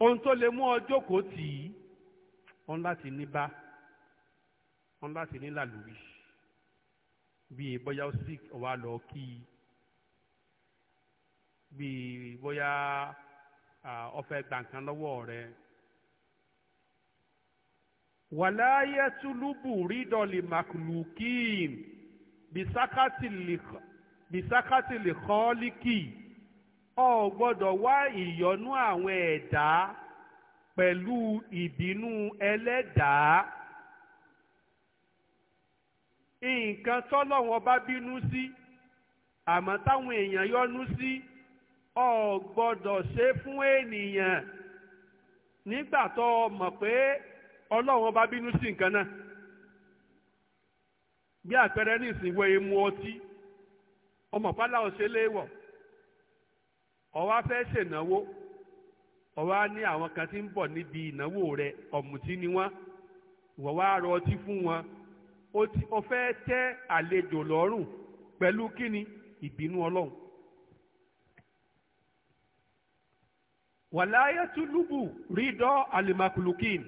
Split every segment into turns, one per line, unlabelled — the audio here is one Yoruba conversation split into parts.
ohun tó lè mú ọ jókòó tì í ọ̀n láti ní bá ọ̀n láti ní làlùwí bíi bóyá sick ọ̀wá lọ kí i bíi bóyá ọ̀fẹ́ gbà nǹkan lọ́wọ́ rẹ. wàláyé túlùbù rídọ̀lì màkùlùkì bìsákàtì lìkọ́ọ́lìkì. ọ ò gbọ́dọ̀ wá ìyọ́nú àwọn ẹ̀dá pẹ̀lú ìbínú ẹlẹ́dàá nǹkan tọ́lọ́wọ́n bá bínú sí àmọ́ táwọn èèyàn yọ́nú sí ọ gbọdọ̀ ṣe fún ènìyàn nígbà tó mọ̀ pé ọlọ́wọ́ bá bínú sí nǹkan náà bí àpẹẹrẹ ní ìsìnwó emu ọtí ọmọ pálá ọ̀ṣẹ́lẹ̀ wọ̀ ó wá fẹ́ ṣènáwó ó ní àwọn kan tí ń bọ̀ níbi ìnáwó rẹ̀ ọ̀mùtí ni wọ́n ìwọ wá rọ ọtí fún wọn ó fẹ́ tẹ́ àlejò lọ́rùn pẹ̀lú kíni ìbínú ọlọ́run. wàláyé túlùbù rídọ́ alimakulukin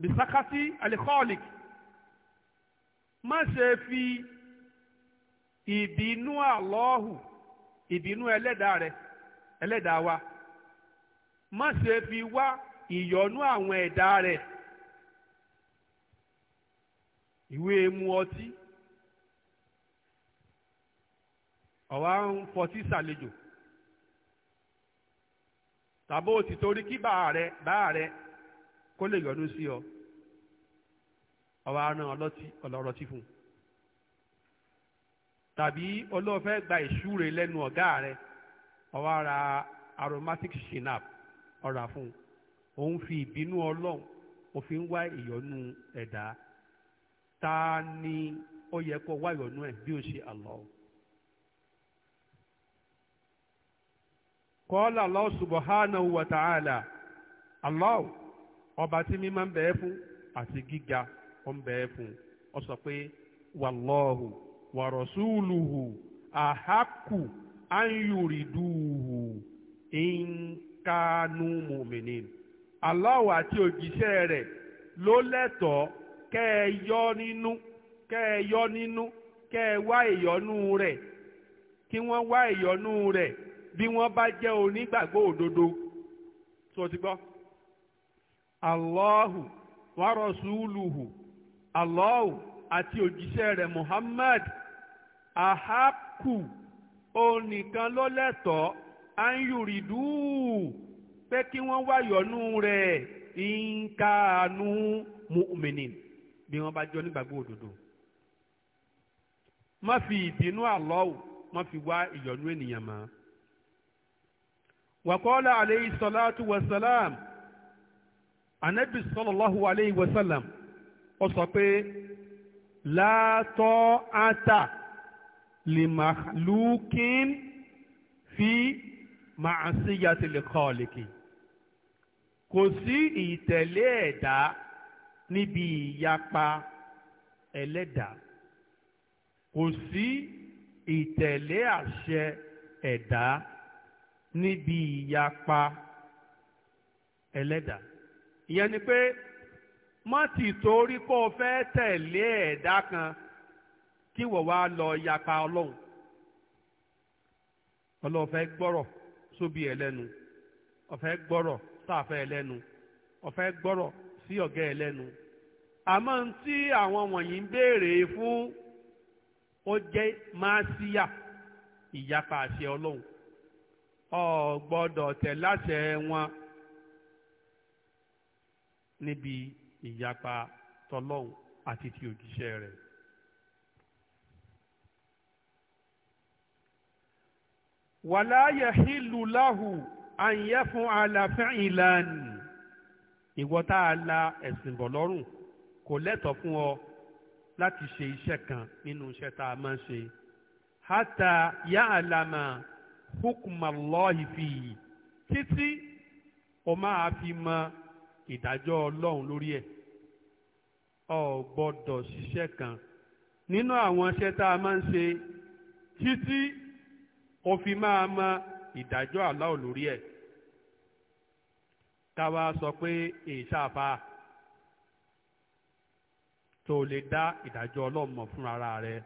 bisakasi má ṣe fi ìbínú àlọ́hù ìbínú ẹlẹ́dàá ẹlẹ́dàá wa má ṣe fi wá ìyọnú àwọn ẹ̀dá rẹ̀ ìwé mu ọtí ọ̀wá ń fọtí ṣàlejò tàbí o ti torí kí bàá rẹ bàá rẹ kó lè yọnu sí ọ ọ̀wá rán ọlọ́tí ọlọ́rọtí fún tàbí olóòfẹ́ gba ìṣúre lẹ́nu ọ̀gá rẹ̀ ọwara ara aromatic shinap ọ̀rà fún òun fi ìbínú ọlọ́run òfin wá ìyọnu ẹ̀dá ta ni ó yẹ kó wá ìyọnu ẹ̀ bí ó ṣe Allah. kọ́lá Allah subhanahu wa ta'ala Allah ọba tí mímọ́ ń bẹ̀ẹ́ fún àti gíga ó ń bẹ̀ẹ́ fún ọ sọ pé wàlọ́hù wàrọ̀súlùhù àhákù. anyuriduhu inkanu muminin Allah àti òjíṣẹ́ rẹ̀ ló lẹ́tọ̀ọ́ kẹ́ yọ nínú kẹ́ yọ nínú kẹ́ ẹ wá ìyọnú rẹ̀ kí wọ́n wá ìyọnú rẹ̀ bí wọ́n bá jẹ́ onígbàgbọ́ òdodo tó ti gbọ́. Allahu wa rasuluhu Allahu àti òun nìkan ló lẹ́tọ̀ọ́ anyuridu pé kí wọ́n wá yọ̀nú rẹ̀ nkanu mu'minin bí wọ́n bá jọ nígbàgbọ́ òdodo má fi ìbínú Allahu má fi wá ìyọ̀nú ènìyàn mọ́. wàkọ́lá aleyhi salatu wa salam anabi sallallahu aleyhi wa salam ó sọ pé látọ́ ata limakhlukin fi ma'asiyati likhaliqi kò sí ìtẹ̀lé ẹ̀dá níbi ìyapa ẹlẹ́dàá kò sí ìtẹ̀lé àṣẹ ẹ̀dá níbi ìyapa ẹlẹ́dàá ìyẹn ni pé má ti torí kó o fẹ́ tẹ̀lé ẹ̀dá kan kí wọ́n wá lọ yapa ọlọ́run ọlọ́run fẹ́ gbọ́rọ̀ sóbi ẹ̀ lẹ́nu ọ̀fẹ́ gbọ́rọ̀ sáfẹ́ ẹ̀ lẹ́nu ọ̀fẹ́ gbọ́rọ̀ sí ọ̀gá ẹ̀ lẹ́nu àmọ́ ń tí àwọn wọ̀nyí ń béèrè fún ó jẹ́ máṣíyà ìyapa àṣẹ ọlọ́run ọ gbọ́dọ̀ tẹ̀ láṣẹ wọn níbi ìyapa tọlọ́run àti ti òjíṣẹ́ rẹ̀. wàlá yahilu lahu an yaf'ala fi'lan ìwọ tá a la ẹ̀sìn bọ̀ lọ́rùn kò lẹ́tọ̀ọ́ fún ọ láti ṣe iṣẹ́ kan nínú iṣẹ́ tá a máa ń ṣe hatta ya'lama hukmallahi fi títí o máa fi mọ ìdájọ́ ọlọ́run lórí ẹ̀ ọ gbọ́dọ̀ ṣiṣẹ́ kan nínú àwọn iṣẹ́ tá a máa ń ṣe títí ó fi máa mọ ìdájọ́ Allah lórí ẹ̀ táwa sọ pé èṣàfà tó lè dá ìdájọ́ Ọlọ́run mọ̀ ara rẹ̀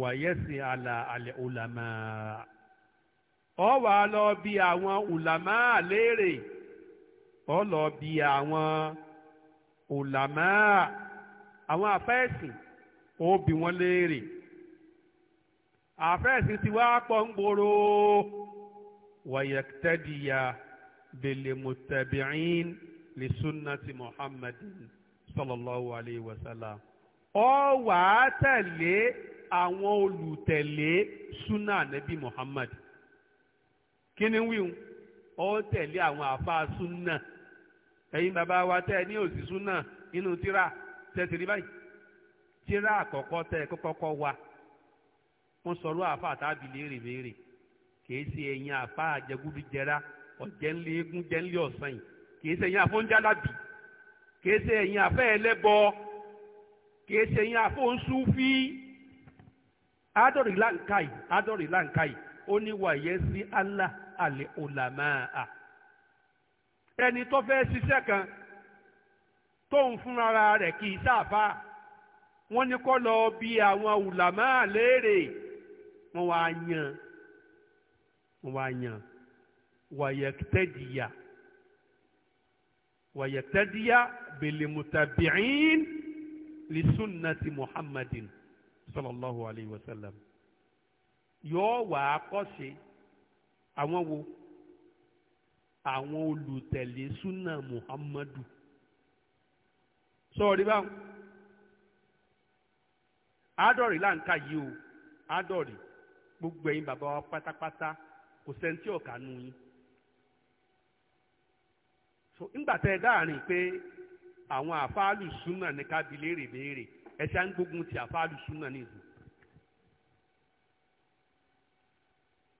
wàyẹ́sì àlà àlẹ́ ulama ọ wà lọ bí àwọn ulama léèrè ọ lọ bí àwọn ulama àwọn afẹ́sìn ó bí wọ́n léèrè. àfẹ́sì ti wá pọ̀ ń gbòòrò wàyẹ̀tẹ́dìyà bèlèmùtẹ̀bìrín lè ti muhammadin sallallahu alayhi wa sallam ọ wà á tẹ̀lé àwọn olùtẹ̀lé súnà nẹ́bí muhammad kí ni wíwù ọ tẹ̀lé àwọn àfáà súnà ẹ̀yin bàbá wa tẹ́ ẹ ní òsì súnà nínú tíra tẹ́ báyìí tíra àkọ́kọ́ tẹ́ ẹ kọ́kọ́ wa. wọ́n sọ̀rọ̀ àfa àtàbí léèrè béèrè kìí ṣe ẹ̀yin àfa àjẹgúdújẹra ọ̀jẹ̀ńlẹ̀ eégún jẹ̀ńlẹ̀ ọ̀sán yìí kìí ṣe ẹ̀yin àfọ̀njálàbì kìí ṣe ẹ̀yin àfẹ́ ẹlẹ́bọ kìí ṣe ẹ̀yin àfọ̀nsúfí adọ̀rì láǹkàì adọ̀rì láǹkàì ó ní wàyẹ́ sí Allah àlẹ́ òlàmáà ẹni tó fẹ́ ṣiṣẹ́ kan tóun fúnra rẹ̀ kìí ṣàfà wọ́n ní kọ́ lọ bí àwọn òlàmáà léèrè wọ́n wá yàn wọ́n wá yàn wàyẹ̀tẹ́dìyà wàyẹ̀tẹ́dìyà bèlèmùtàbìrín lisunnati muhammadin sallallahu alayhi wa sallam yóò wà á kọ́ṣe àwọn wo àwọn olùtẹ̀lé sunna muhammadu sọ̀rọ̀ báwọn adọ̀rì là yìí o adọ̀rì. gbogbo ẹ̀yin bàbá wa pátápátá kò sẹ́ni tí ọ̀kà nu yín so ńgbà tẹ́ ẹ dáàrin pé àwọn àfáàlù súnà ní kábílẹ̀ èrè béèrè ẹ ṣá ń gbógun ti àfáàlù súnà ní ìlú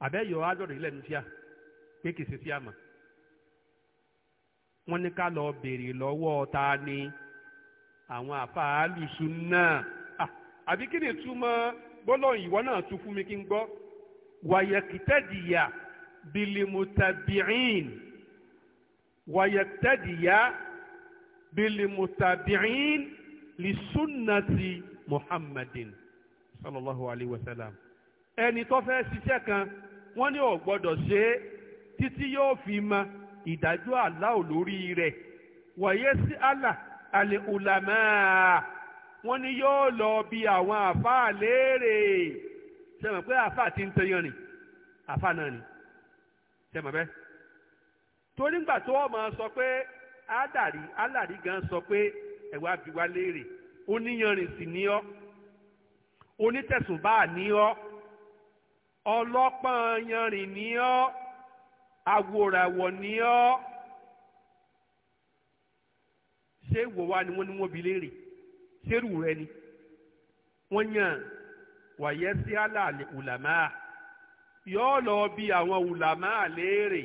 àbẹ́yọ̀ ádọ́rẹ̀ ilẹ̀ ní tíà pé kìí ṣe tíà wọ́n ní ká lọ béèrè lọ́wọ́ ta ni àwọn àfáàlù súnà àbí kí ni túmọ̀ gbọ́dọ̀ ìwọ náà tún fún mi kí n gbọ́ wàyẹ̀kìtẹ́dìyà bilimutabi'in wàyẹ̀kìtẹ́dìyà bilimutabi'in lisunnati muhammadin sallallahu alayhi wa sallam ẹni tó fẹ́ ṣiṣẹ́ kan wọ́n ní ò gbọ́dọ̀ ṣe é títí yóò fi mọ ìdájọ́ Allah lórí rẹ̀ wọ̀nyẹ́ sí Allah al-ulama wọ́n ní yóò lọ bí àwọn àfáà léèrè ṣe mọ̀ pé àfáà ti ń tẹyàn ni àfáà náà ni ṣe mọ̀ bẹ́ẹ̀ torí ńgbà tó ọmọ sọ pé ádàrí alàrí gan sọ pé ẹ̀wà bí wa léèrè oníyanrìn sì ní ọ́ onítẹ̀sùnbáà ní ọ́ ọlọ́pàá yanrìn ní ọ́ àwòràwọ̀ ní ọ́ ṣé wò wá ni wọ́n ní wọ́n bi léèrè sẹ́rù rẹ ni wọ́n yàn wàyẹ́ sí aláàlẹ́ ùlàmá yóò lọ bí àwọn ùlàmá léèrè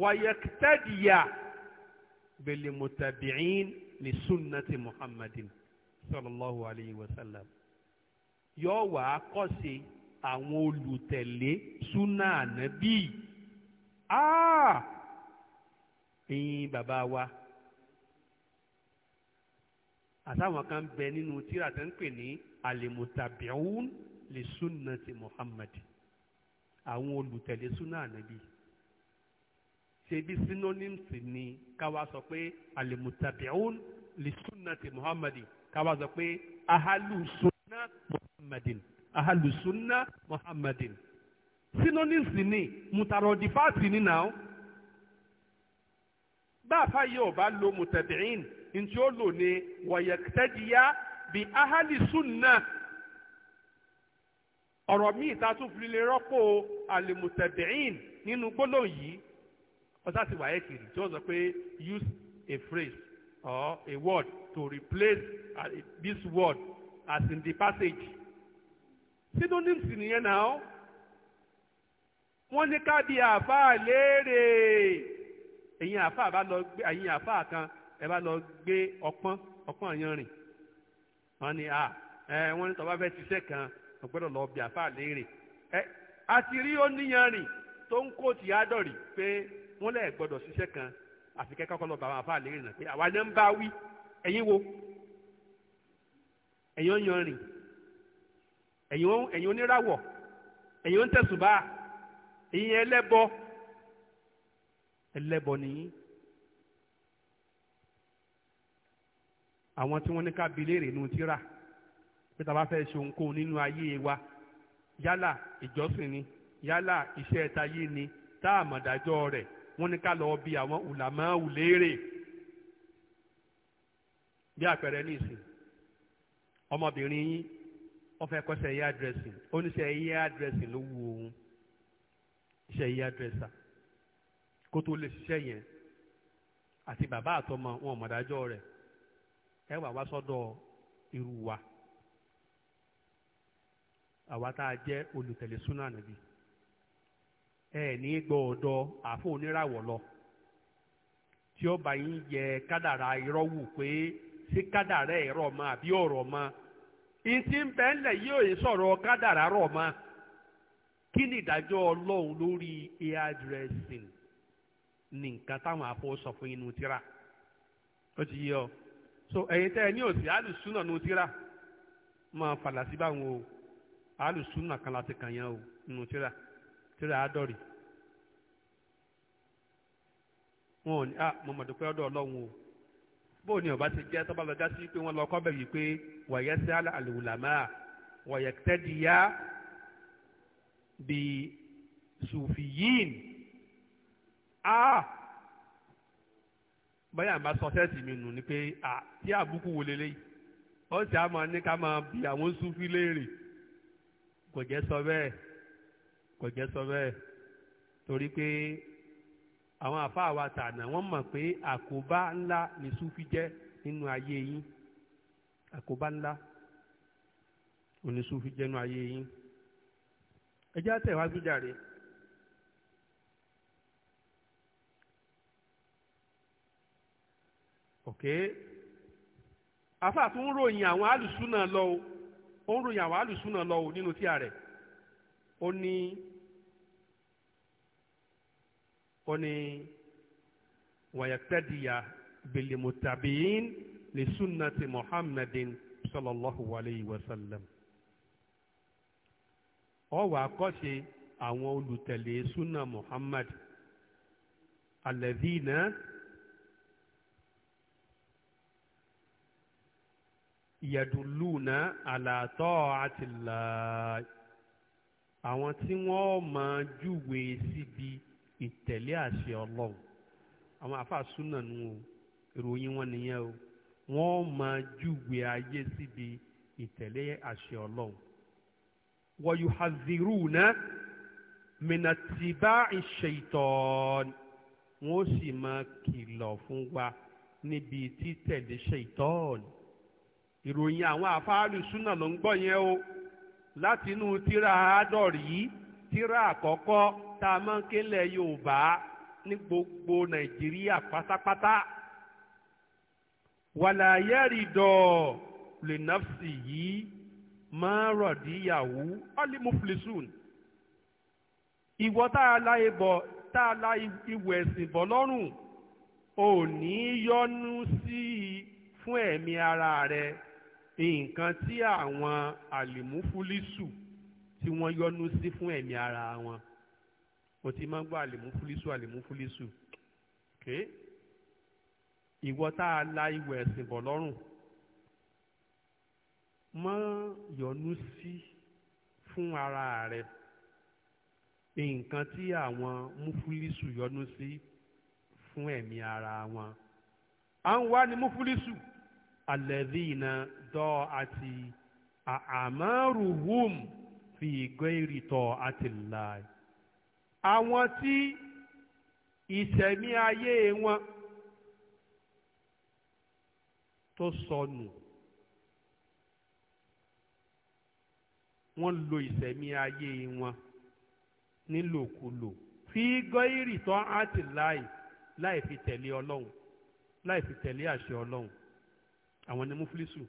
wàyẹ́ tẹ́díyà bẹ̀lẹ̀ mọ̀tàbíyìn ní sunnati muhammadin sallallahu alayhi wa sallam yóò wà á kọ́ sí àwọn olùtẹ̀lé súnà ànábì. Ah! ẹ̀yin bàbá wa àtàwọn kan bẹ nínú tíra tó ń pè ní alimutabiun li sunnati muhammad àwọn olùtẹ̀lé súnà ànábì ṣebí synonyms ni káwa sọ pé alimutabiun li sunnati muhammad káwa sọ pé ahalu sunna muhammadin ahalu sunna muhammadin synonyms ni mutarodifati ni náà bá a fa yóò bá lo mutabiin ntí ó lò ní wọ̀yẹ̀kẹ́tẹ́jìyá bí ahali sunna ọ̀rọ̀ míì tá a tún fi lè rọ́pò alimutadẹ́yìn nínú gbólóhùn yìí ọ̀sá ti wáyé kiri tí wọ́n sọ pé use a phrase or a word to replace uh, this word as in the passage synonyms nìyẹn náà wọ́n ní ká bí àáfàá léèrè ẹ̀yin àáfàá bá lọ gbé ẹ̀yin àáfàá kan ẹ bá lọ gbé ọpọ́n ọpọ́n yanrìn wọ́n ní à ẹ wọ́n ní tọ́ba fẹ́ ṣiṣẹ́ kan ọ̀gbẹ́dọ̀ lọ bí àfa léèrè ẹ àti rí oníyanrìn tó ń kó ti àádọ́rì pé wọ́n lẹ̀ gbọ́dọ̀ ṣiṣẹ́ kan àfi kẹ́kọ̀ọ́ kọ́ lọ bá àwọn léèrè náà pé àwa ni ń bá wí ẹ̀yin wo ẹ̀yin yanrìn ẹ̀yin oníràwọ̀ ẹ̀yin ń tẹ̀sùbà ẹ̀yin ẹlẹ́bọ ẹlẹ́bọ nìyí. àwọn tí wọ́n ní ká bi léèrè nu tíra pé tá a bá fẹ́ ṣe ohunkóhun nínú ayé wa yálà ìjọsìn ni yálà iṣẹ́ ẹ̀tayé ni tá a mọ̀ dájọ́ rẹ̀ wọ́n ní ká lọ́ọ́ bi àwọn ùlàmọ́ọ̀hù léèrè bí àpẹẹrẹ ní ìsìn ọmọbìnrin yín wọ́n fẹ́ kọ́ṣẹ́ hair dressing ó ní ṣe hair dressing ló wu òun ṣe hair dresser kó tó lè ṣiṣẹ́ yẹn àti bàbá àtọmọ wọn mọ̀ dájọ́ rẹ̀ ẹ wà wá sọ́dọ̀ irú wa àwa tá a jẹ́ olùtẹ̀lé súnà nàbí ẹ ní gbọ́ ọ̀dọ̀ àfọ oníràwọ̀ lọ tí ó bá yín yẹ kádàrá irọ́ wù pé sí kádàrá ẹ̀rọ ma àbí ọ̀rọ̀ mọ́ ìsì ń bẹ́ẹ̀ lẹ̀ yóò yẹ sọ̀rọ̀ kádàrá rọ̀ mọ́ kí ni ìdájọ́ ọlọ́run lórí air dressing ní nǹkan táwọn afọ sọ fún inú tíra ó ti ọ. so ẹ̀yin tẹ́ ẹ ní òsì alùsùnà nù tíra máa fàlà sí báwọn o alùsùnà kan láti kàn yẹn o nù tíra tíra àádọ́rì wọn ò ní à ah, mọ̀mọ́dé pé ọ̀dọ̀ ọlọ́run o bó ni ọba ti jẹ́ tọ́ba lọ́jà sí pé wọ́n lọ kọ́ bẹ̀ yìí pé wọ̀yẹ́ sí àlùwùlàmá wọ̀yẹ́ tẹ́díyà bí sùfìyìn a. Ah! báyà bá sọ sẹ́ẹ̀tì mi nù ni pé à tí àbùkù wò lélẹ́yìí ó sì á máa ní ká máa bi àwọn sufi léèrè kò jẹ́ sọ bẹ́ẹ̀ kò jẹ́ sọ bẹ́ẹ̀ torí pé àwọn àfáà wa tànà wọ́n mọ̀ pé àkóbá ńlá ni sufi jẹ́ nínú ayé yín àkóbá ńlá oníṣúfi jẹ́nu ayé yín ẹjẹ́ àtẹ̀wájú jàre. ok afa tó ń ròyìn àwọn alùsùnà lọ o ó ń ròyìn àwọn alùsùnà lọ o nínú tíya rẹ̀ ó ní ó ní wàyàtẹ́dìyà bìlìmùtàbíyìn lè sunnati muhammadin sallallahu alayhi wa sallam ó wá àkọ́ṣe àwọn olùtẹ̀lé sunna muhammad alẹ́dínà. yẹ̀dùlùnà àlàtọ́ àtìlá àwọn tí wọ́n máa júwe síbi ìtẹ̀lé àṣẹ ọlọ́run àwọn àfàsúnà nù o ìròyìn wọn nìyẹn o wọ́n máa júwe ayé síbi ìtẹ̀lé àṣẹ ọlọ́run wọ́yù hazirúnà mìnàtìbá ìṣèìtọ́n wọ́n sì máa kìlọ̀ fún wa níbi títẹ̀lé ṣèìtọ́ọ̀nù ìròyìn àwọn àfáàlù súnà ló ń gbọ́ yẹn o láti inú tíra àádọ́rì tíra àkọ́kọ́ tá a máa ń kélẹ̀ Yorùbá ní gbogbo Nàìjíríà pátápátá wàlàyẹ́rìdọ̀ lè nọ́ọ̀sì yìí máa rọ̀díyàwó ọ́límùfìlìsùn ìwọ tá a la ìbọ̀ tá a la ìwẹ̀ ẹ̀sìn bọ̀ lọ́rùn ò ní yọnu sí i fún ẹ̀mí ara rẹ̀ nǹkan tí àwọn àlìmúfúlísù tí wọ́n yọnu sí fún ẹ̀mí ara wọn o ti máa ń gbọ́ àlìmúfúlísù àlìmúfúlísù ké ìwọ tá a la ìwẹ̀ ẹ̀sìn bọ̀ lọ́rùn mọ́ yọnu sí fún ara rẹ nǹkan tí àwọn múfúlísù yọnu sí fún ẹ̀mí ara wọn à ń wá ní múfúlísù alẹ́dínà dọ́ àti àmárùhùm fi gẹ́rì tọ́ àti láì. àwọn tí ìṣẹ̀mí ayé wọn tó sọnù wọ́n lo ìṣẹ̀mí ayé wọn nílòkulò fi gọ́ìrì tán àti láì láì fi tẹ̀lé ọlọ́run láì fi tẹ̀lé àṣẹ ọlọ́run àwọn ni mufilisu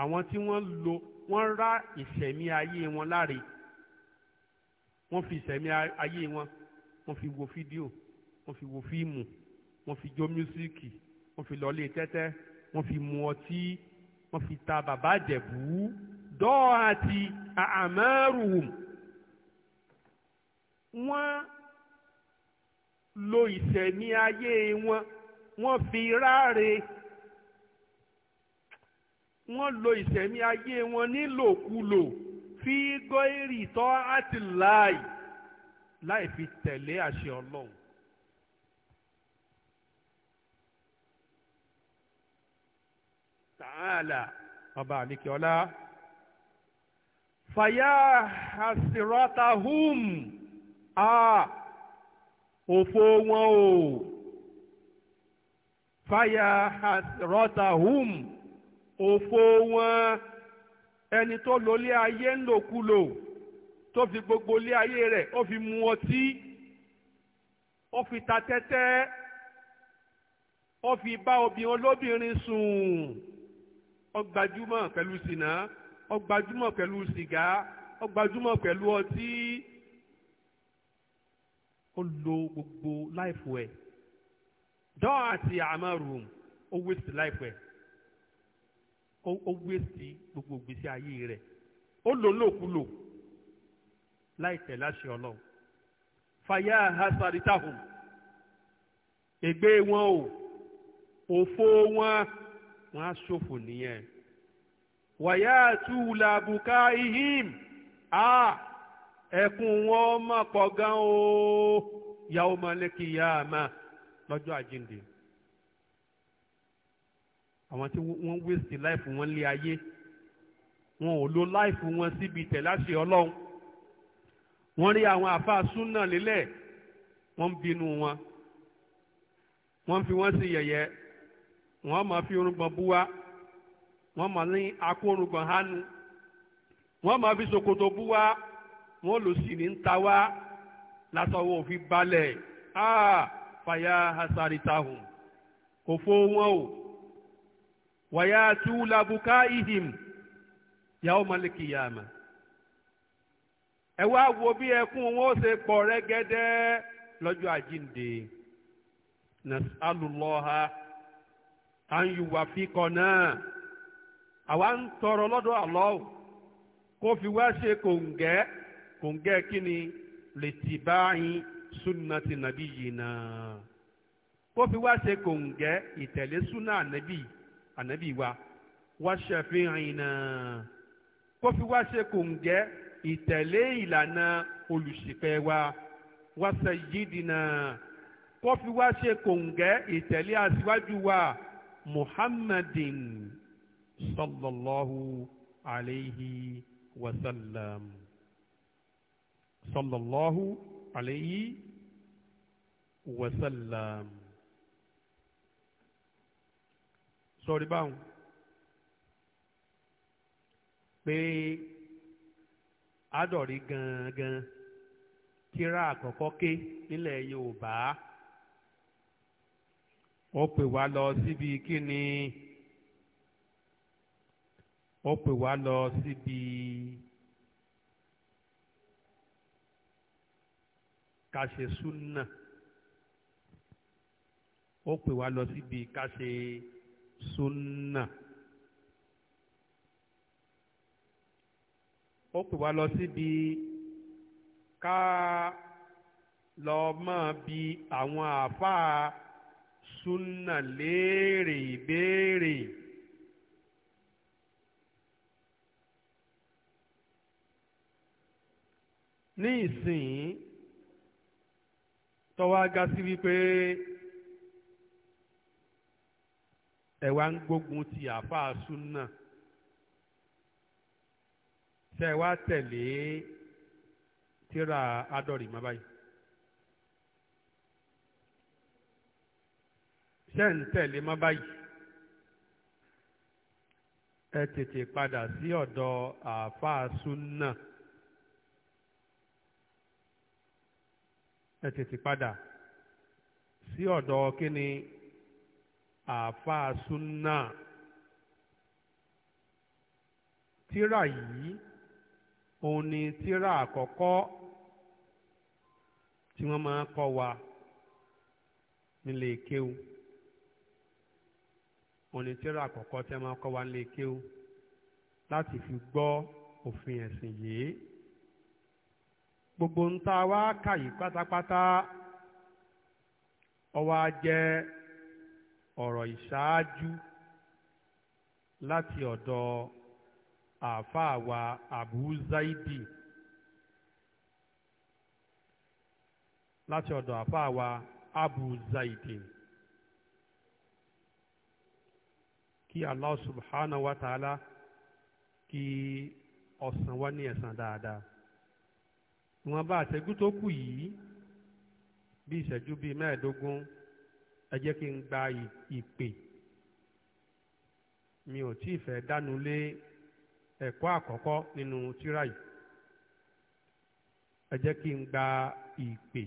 àwọn tí wọ́n lo wọ́n rá ìṣẹ̀mí ayé wọn láre wọ́n fi ìṣẹ̀mí ayé wọn wọ́n fi wo fídíò wọ́n fi wo fíìmù wọ́n fi jó mísíkì wọ́n fi lọlé tẹ́tẹ́ wọ́n fi mu ọtí wọ́n fi ta bàbá àjẹ̀bú dọ́ọ̀ àti àmẹ́rùhùn wọ́n lo ìṣẹ̀mí ayé wọn wọ́n fi ráre wọ́n lo ìṣẹ̀mí ayé wọn nílòkulò fi gọ́ìrì tọ́ àti láì láì fi tẹ̀lé àṣẹ ọlọ́run. tààlà ọba àlekèọlá fàyà àsìrọ́tàhùm a òfò wọn o fàyà àsìrọ́tàhùm òfò wọn ẹni tó lò lé ayé ńlòkulò tó fi gbogbo lé ayé rẹ̀ ó fi mu ọtí ó fi ta tẹ́tẹ́ ó fi bá obìnrin olóbìnrin sùn ó gbajúmọ̀ pẹ̀lú sìnà ó gbajúmọ̀ pẹ̀lú sìgá ó gbajúmọ̀ pẹ̀lú ọtí ó lo gbogbo láìfù ẹ̀ dán àti àmọ́ rùm ó wíṣì láìfù ẹ̀ ó wé sí gbogbo ìgbésí ayé rẹ̀ ó lò lòkulò láì tẹ̀lé àṣẹ ọlọ́run fàyà hasaritahum ègbé wọn o òfo wọn wọn á nìyẹn wàyà túwùlà bùkà ihim a ẹkùn wọn máa pọ̀ gan o yàwó malẹ́kìyàmá lọ́jọ́ àjíǹde àwọn tí wọ́n waste life wọn lé ayé wọn ò lo life wọn síbi tẹ̀láṣẹ ọlọ́run wọ́n rí àwọn àfa súnà lélẹ̀ wọ́n ń bínú wọn wọ́n fi wọ́n sí yẹ̀yẹ́ wọ́n máa fi orúngbọ̀n búwa wọ́n máa ní akórùngbọ̀n hánu wọ́n máa fi ṣòkòtò búwa wọ́n lò sí ní ń ta wá lásọwọ́ òfin balẹ̀ áà fàyà hasari tahùn kò fó wọn o. waya ti ula buka ihu ya o maliki ya ma ewu agwa obi ekwu onwe o si kpore gede loju aji nde na alu lo ha ha yiwuwa fi ko naa awa n toro lodu alo ko fi wase ko nge konekini litibanyi suna ti nabiji na ko fi wase ko nge suna nabi ànábì wa wá ṣàfihàn kó fi wá ṣe kòǹgẹ́ ìtẹ̀lé ìlànà olùṣìpẹ̀ wa wá sayyidina kó fi wá ṣe kòǹgẹ́ aṣíwájú wa muhammadin sallallahu alayhi wa sallam sallallahu alayhi wa sallam. sọ̀rí báwọn pé àdọ̀rí gangan kíra àkọ́kọ́ ké nílẹ̀ Yorùbá ó pè wá lọ síbi kíni ó pè wá lọ síbi kàṣe súnà ó pè wá lọ síbi kàṣe. Si súnà ó pè wá lọ síbi ká lọ máa bi àwọn àáfàá súnà léèrè ìbéèrè. ní ìsìn tó ga sí wípé. ẹ wá ń gbógun ti àáfàá súnà ṣe wá tẹ̀lé tíra adọ́rì má báyìí ṣe ń tẹ̀lé má báyìí ẹ tètè padà sí ọ̀dọ̀ àáfàá súnà ẹ tètè padà sí ọ̀dọ̀ kíni. àáfàá Tira tíra yìí òun ni tíra àkọ́kọ́ tí wọ́n máa kọ́ wa nílé kéwú òun ni tíra àkọ́kọ́ tí wọ́n máa kọ́ wa nílé kéwú láti fi gbọ́ òfin ẹ̀sìn yìí gbogbo ń ta wá kà pátápátá ó wá jẹ́ ọ̀rọ̀ ìṣáájú láti ọ̀dọ̀ àáfàá Abu Zaidi láti ọ̀dọ̀ àáfàá Abu Zaidi kí Allah subhanahu wa ta'ala kí ọ̀sán wa ní ẹ̀san dáadáa ìwọ̀nba àtẹ̀gùn tó kù yìí bí ìṣẹ́jú bíi mẹ́ẹ̀ẹ́dógún ẹ jẹ́ kí n gba ìpè mi ò tí ì fẹ́ dánu lé ẹ̀kọ́ àkọ́kọ́ nínú tírà yìí ẹ jẹ́ kí n gba ìpè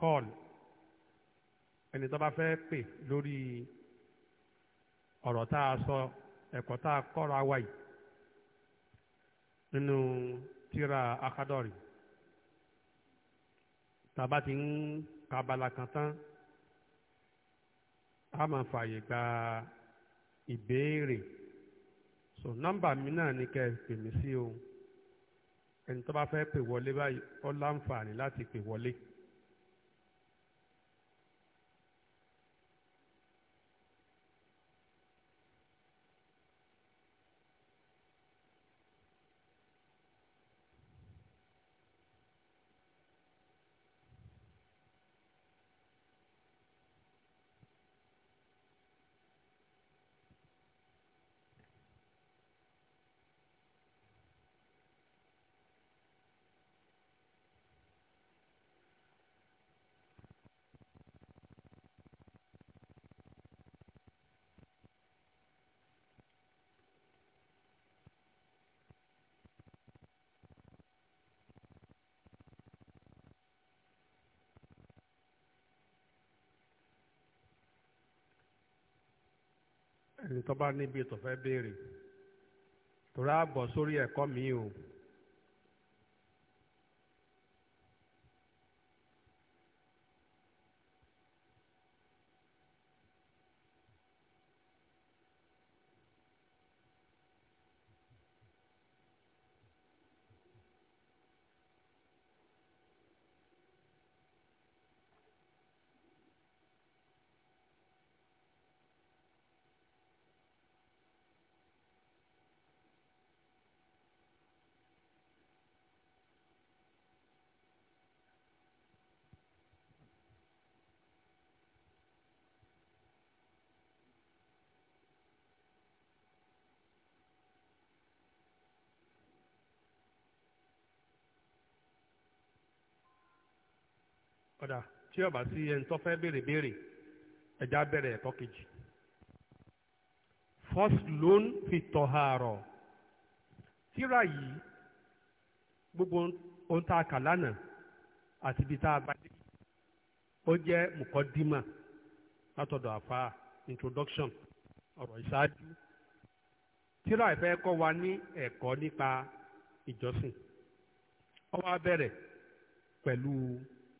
kọ́ọ̀lù ẹni tó bá fẹ́ pè lórí ọ̀rọ̀ tá a sọ ẹ̀kọ́ tá a kọ́ra wa yìí nínú tírà akadọ́rì tàbá ti ń kabala kan tán a máa fààyè gba ìbéèrè so nọ́mbà mi náà ni kẹ́ ẹ pè mí sí o ẹni tó bá fẹ́ pè wọlé báyìí ó láǹfààní láti pè wọlé 0244 ẹni tó bá níbi tó fẹ́ béèrè torí àbọ̀ sórí ẹ̀kọ́ mi o. ọ̀dà tí ọba sí ẹni tó fẹ́ béèrè béèrè ẹja bẹ̀rẹ̀ ẹ̀kọ́ kejì. first loan fi tọ̀hárà tíra yìí gbogbo ohun tá a kà lánàá àti ibi tá a bá dé ó jẹ́ mùkọ́dímà látọ̀dọ̀ àfa introduction ọ̀rọ̀ ìṣáájú tíra ìfẹ́ kọ́ wa ní ẹ̀kọ́ nípa ìjọsìn ó wá pẹ̀lú